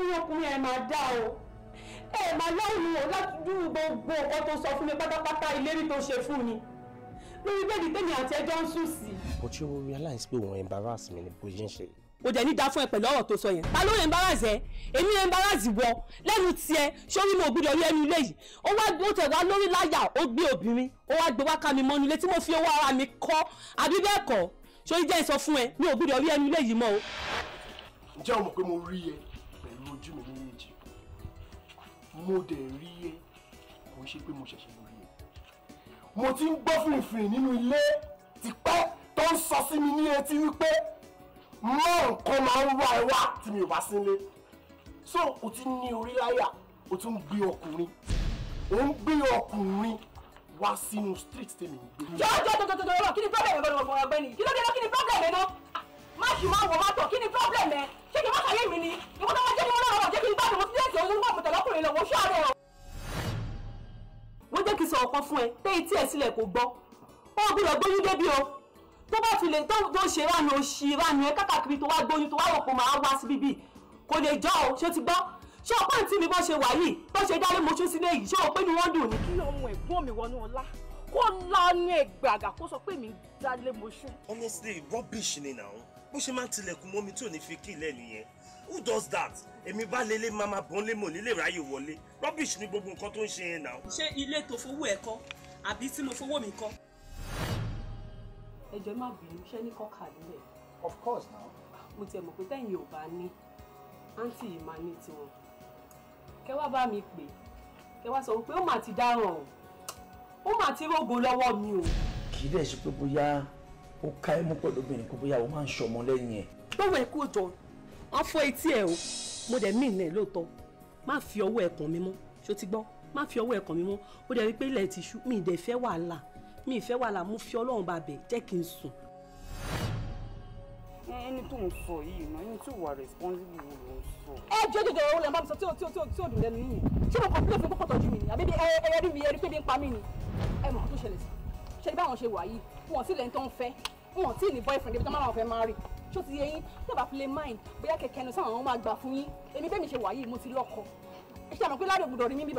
ẹ̀yin ọkùnrin ẹ máa dá o ẹ máa láwùú o láti dúró gbogbo nǹkan tó sọ fún mi pátápátá ìlérí tó ṣe fún mi lórí bẹ́ẹ̀ ni àti ẹjọ́ ń sùn sí. but you realize pé òun embarrass mi ni bó ṣe ń ṣe yìí kò dẹ̀ ní da fún ẹ pẹ̀lú ọ̀rọ̀ tó sọ yẹn ta ló ń embarrass ẹ èmi ń embarrass wọ lẹ́nu tiẹ̀ sórí mi ò gbúdọ̀ rí ẹnu ilé yìí ó wá ó tẹ̀ wá lórí láyà ó gbé obìnrin ó wá gbé wá ká mi mọ́nu ilé tí mo fi owó ara mi kọ́ àbí bẹ́ẹ̀ kọ́ sórí jẹ́ ìsọ fún ẹ mi ò gbúdọ̀ rí ẹnu ilé yìí mọ́ o. ǹjẹ́ o mọ̀ pé mo rí ẹ ojú mi méjèèjì mo dẹ̀ rí ẹ kò ṣe pé mo ṣẹ̀ṣẹ̀ lórí ẹ mo ti ń gbọ́ fìrìfìrì nínú ilé tipẹ́ tó ń sọ sí mi ní etí wípé mọ nǹkan máa ń wá ẹ wá tí mi ò bá sílé so o ti ní orí láyà o tún gbé ọkùnrin o ń gbé ọkùnrin wá sínú street tèmi ń gbé. jọjọ jọjọ jọjọ kí ni problem ẹ gbọ́dọ̀ ọgbọ́n ọgbẹni kí ló dé lọ kí ni problem ẹ náà má ṣì máa wọ mọ́tò kí ni problem ẹ ṣé kí n má ṣ pé kì í sọ̀rọ̀ kan fún ẹ pé etí ẹ̀ sílẹ̀ kò gbọ́ ó gbọ́dọ̀ gbóyún débi o tó bá fi lè tó ṣe ránu òṣì ránu ẹ kákàkiri tó wá gbóyún tó wá rò pé máa wá sí bíbí kò lè jọ o ṣé ti gbọ́ ṣé ọ̀pá ìtì mi bó ṣe wà yìí bó ṣe dáré moṣú sílé yìí ṣé o pé ni wọ́n dùn ni. kí ọmọ ẹ̀gbọ́n mi wọnú ọlá kó lánàá ẹgbàgà kó sọ pé mi dálé moṣú. honestly rubbish ni now bó ṣe máa ń tilẹ̀kùn mọ́ mi tí ò ní fi kí ilẹ̀ nìyẹn who does that èmi bá lélẹ̀ máa máa bọ́n lé mọ̀ nílé ráyè wọlé rubbish ni gbogbo nǹkan tó ń ṣe yẹn náà. ṣé ilé tó fowó ẹ kọ́ àbí tí mo fowó mi kọ́. ẹjọ má bínú ṣé ní kọkà nílẹ̀. of course na. mo tiẹ̀ mọ̀ pé tẹ́yìn ò bá ní àǹtí yìí máa ní tiwọn kẹ wá bá mi pè kẹ wá sọ pé ó mà ti dáràn ó mà ti rògbò lọ́wọ́ mi o. kì í dẹ̀ ṣe pé bóyá o ká ẹ mú pẹ̀lú obìnrin kó bóyá o máa ń ṣọmọ lẹ́yìn ẹ̀. lọ́wọ́ ẹ kú jọ wọ́n fọ etí ẹ̀ o mo dẹ̀ mí ìnẹ̀ lóòótọ́ má fi ọwọ́ ẹ̀kàn mi mọ́ ṣó ti gbọ́ má fi ọwọ́ ẹ̀kàn mi mọ́ ó dẹ̀ rí pé ilẹ̀ ti ṣú mi ì dẹ̀ fẹ́ wàhálà mi ì fẹ́ wàhálà mo fi ọlọ́run bá bẹ̀ jẹ́ kí n sùn. ẹni tó ń sọ yìí náà ẹni tó wà responsible wo ló ń sọ. ẹ jẹ́ jẹ́jẹ́ owó lẹ́nu bá mi sọ tí ó tí ó tí ó dùn lẹ́nu yìí ṣé mo kàn fún òfin kọ́kọ́ tọ́jú mi ni àbí ẹyẹ rí mi ẹyẹ rí pé bí ń pa ẹ wọn ti lẹ́ni tó ń fẹ́ wọn ti ní boyfriend débi tó máa wọn fẹ́ máa rì tó ti yẹ yín tó fi lè mind bóyá kẹ̀kẹ́ ẹnu sáwọn máa gbà fún yín èmi bẹ́ẹ̀ mi ṣe wà yìí mo ti lọ́kọ ẹ ṣe àmọ́ pé ládùn gbọdọ̀ rí mi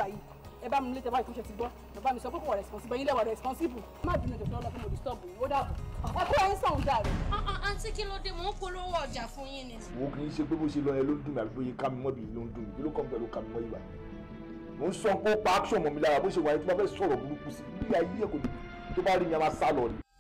ẹ bá mi lé tẹ́wá ìkúnṣe ti gbọ́ bàbá mi sọ pé kò wà responsible yín lẹ́wà responsible má bínú ìjọba ọlọ́pàá mo disturb yìí ó dàbọ̀ ẹ kó ẹyin sọ̀hún dà àǹtí kí ló dé mò ń polówó ọjà fún yín ni. wo kì í ṣe pé bó ṣe lọ yẹn ló ń dùn mí àbí bóyá kámi mọ́ ló ń dùn mí kí ló kàn pẹ̀lú kámi mọ́ ìwà mo ń sọ pé ó pa action mọ́ mi lára bó ṣe wà yẹn tí wọ́n fẹ́ sọ̀rọ̀ burúkú sí bí ayé ẹ̀ kò tó bá rí mi a máa sá lọ ni.